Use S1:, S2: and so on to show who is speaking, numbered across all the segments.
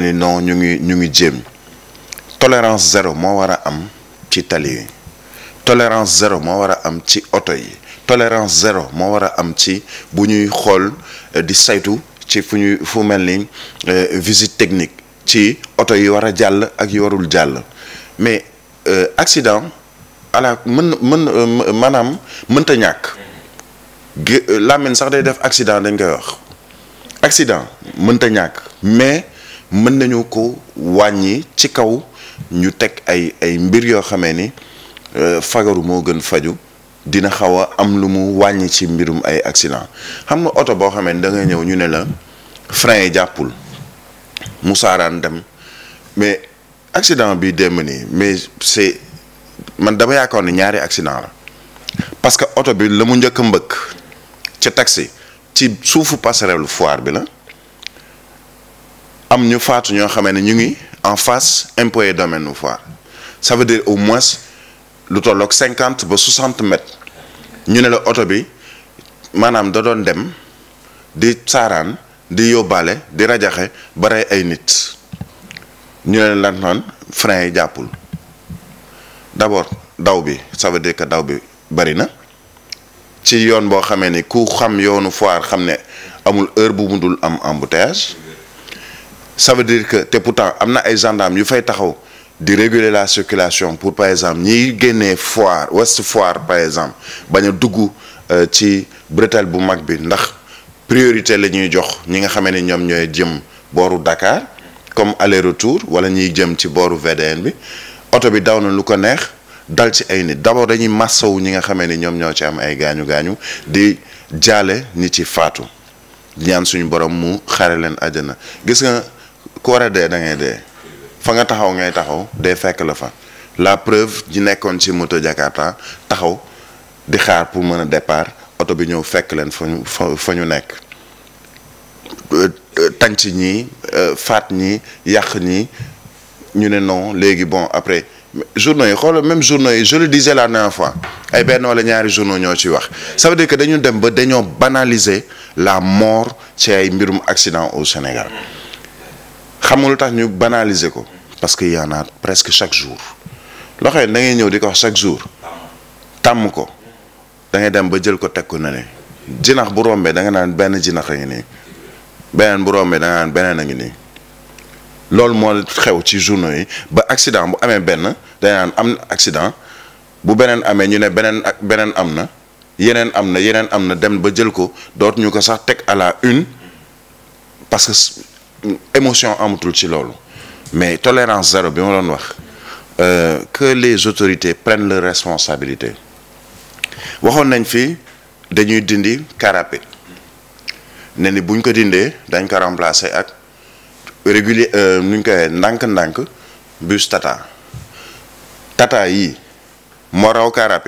S1: ni non ñu ngi ñu ngi jéem tolérance zéro moo war a am ci tali yi tolérance zéro moo war a am ci oto yi tolérance zéro moo war a am ci bu ñuy xool euh, di saytu ci fu ñuy fu mel ni euh, visit technique ci oto yi war a jàll ak yi warul jàll mais euh, accident ala mën mën maanaam mënta ñàkk làmmiñ sax day def accident dañ koy wax accident mënta ñàkk mais mën nañu ko wàññi ci kaw ñu teg ay ay mbir yoo xamee ni euh, fagaru moo gën faju dina xaw a am lu mu wàññi ci mbirum ay accident xam nga oto boo xamee ni da nga ñëw ñu ne la frein yi jàppul mu saaraan dem mais accident bi démb nii mais c'est man dama yaakaar ne ñaari accident la parce que oto bi la mu njëkk a mbëkk ca taxi ci suufu passerelle foire bi la am ñu faatu ñoo xamee ne ñu ngi en face impôt domaine ou foire ça veut au moins lu tolloog cinquante ba soixante mètres ñu ne la oto bi maanaam da doon dem di saaraan di yóbbaale di rajaxe ba ay nit ñu ne la naan frein yi jàppul d'abord daw bi ça veut dire daw bi bari na ci yoon boo xamee ni ku xam yoonu foire xam ne amul heure bu mu dul am embouteillage ça veut dire que te pourtant am na ay gendarmes yu fay taxaw di réguler la circulation pour par exemple ñiy génnee foire Ouest Foire par exemple bañ a dugg euh, ci bretelle bu mag bi ndax priorité la ñuy jox ñi nga xame ne ñoom ñooy jëm booru Dakar comme aller retour wala ñuy jëm ci booru VDN bi oto bi daw na lu ko neex dal ci ay nit d'abord dañuy massawu ñi nga xamee ni ñoom ñoo ci am ay gaañu gaañu di jaale ñi ci faatu ñaan suñu borom mu xare leen àjjana gis nga. ku war a dee da dee fa nga taxaw ngay taxaw dee fekk la fa la preuve ji nekkoon ci moto Jakarta taxaw di xaar pour mën a départ oto bi ñëw fekk leen fa ñu fa ñu nekk euh, euh, tànc ñi euh, faat ñi yàq ñi ñu ne non léegi bon après journaux yi xoolal même journaux yi je le la dernière fois ay benn wala ñaari journaux ñoo ci wax ca veut dire que dañu dem ba dañoo banaliser la mort ci ay mbirum accident au Sénégal xam nga tax ñu banaliser ko. parce que y en presque chaque jour. loxo yi da ngay ñëw di ko wax chaque jour. tàmm ko. da ngay dem ba jël ko teg ko na ne. jinax bu rombee da nga naan benn jinax a ngi nii. beneen bu rombee da naan beneen a ngi nii. loolu moo xew ci journaux yi ba accident bu amee benn dañ naan am na accident bu beneen amee ñu ne beneen ak beneen am na yeneen am na yeneen am na dem ba jël ko dootuñu ko sax teg à la une parce que. émotion amatul ci loolu mais tolérance zéro bi ma doon wax euh, que les autorités prennent leurs responsabilités waxoon nañ fi dañuy dindi car ne ni buñ ko dindee dañ ko remplacer ak régulier euh, nu ñu koy ndànk-ndànk bus tata tata yi moo raw car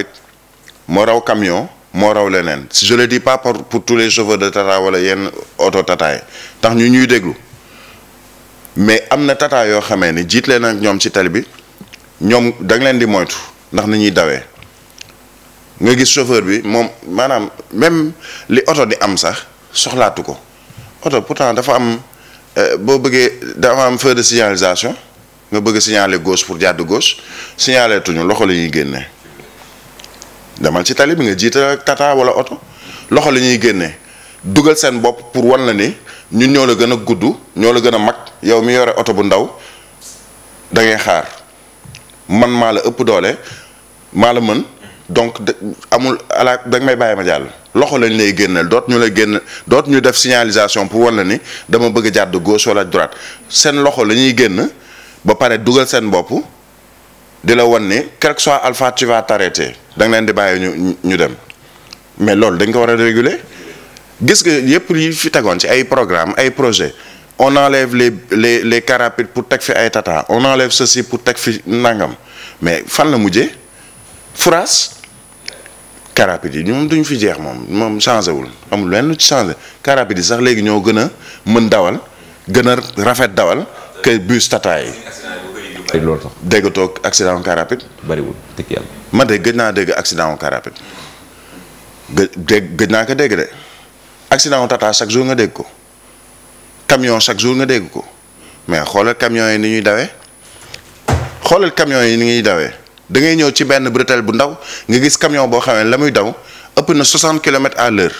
S1: moo raw camion moo raw leneen si je le dis pas pour pour tous les chauffeurs de tata wala yenn auto tata yi tax ñu ñuy déglu. mais am na tata yoo xamee ni jiit leen ak ñoom ci tali bi ñoom da leen di moytu ndax ni ñuy dawee nga gis chauffeur bi moom maanaam même li oto di am sax soxlaatu ko oto pourtant dafa am euh, boo bëggee dafa am feu de signalisation nga bëgg signaler gauche pour jàdd gauche signaler tuñu loxo la ñuy génne demal ci tali bi nga jiital ak tata wala oto loxo la ñuy génnee dugal seen bopp pour wan la ni ñu ñoo la gën a gudd ñoo la gën a mag yow mi yore oto bu ndaw da ngay xaar man maa la ëpp doole maa la mën donc amul ala da may bàyyi ma jàll loxo lañ lay génneel doot ñu lay génn doot ñu def signalisation pour wan la ni dama bëgg a jàdd gauche wala droite seen loxo la ñuy génn ba pare dugal seen bopp di la won ni quel que soit alpha tu vas leen di bàyyi ñu ñu dem mais loolu dañ ko war a réguler gis nga yëpp yi fi tegoon ci ay programme ay projet on enlève les les les cars rapides pour teg fi ay tata on sa si pour teg fi nangam mais fan la mujjee France cars rapides yi ñoom duñu fi jeex moom moom changé wul amul lenn lu ci changé cars yi sax léegi ñoo gën mën dawal gën a rafet dawal que bus tata yi. loolu tax dégg toog accident wu car rapide. bariwul yàlla. ma de gëj naa dégg accident wu car rapide gë gëj naa ko dégg de. accident wu tata chaque jour nga dégg ko camion chaque jour nga dégg ko mais xoolal kamion yi ni ñuy dawee xoolal camion yi ni ñuy dawee da ngay ñëw ci benn bretelle bu ndaw nga gis camion boo xamee la muy daw ëpp na 60 kilomètres à l'heure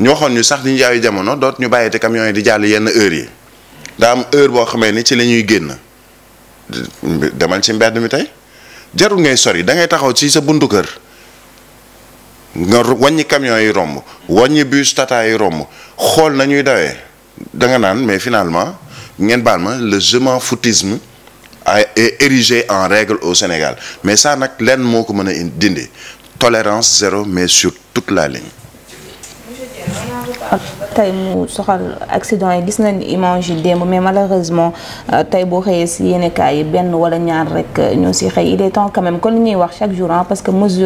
S1: ñu waxoon ñu sax di jaayu jamono doot ñu bàyyite camion yi di jàll yenn heures yi daa am heure boo xamee ni ci la ñuy génn demal ci mbedd mi tey jarul ngay sori da ngay taxaw ci sa buntu kër. nga wàññi camion yi romb wàññi bus tata yi romb xool nañuy dawee da nga naan mais finalement ngeen baal ma le je m'en foutisme est érigé en règle au Sénégal mais ça nag lenn moo ko mën a dindi tolérance zéro mais sur toute la ligne. Ah, tey mu soxal accident yi gis nañ image yi démb mais malheureusement euh, tey boo xëyee si yenn yi benn wala ñaar rek euh, ñoo si xëy il est temps quand kon li ñuy wax chaque jour parce que mesure.